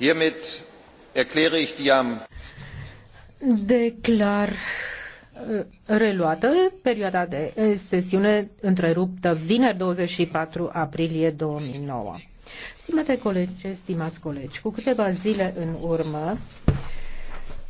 Hiermit erkläre Declar uh, reluată perioada de uh, sesiune întreruptă vineri 24 aprilie 2009. Stimate colegi, stimați colegi, cu câteva zile în urmă,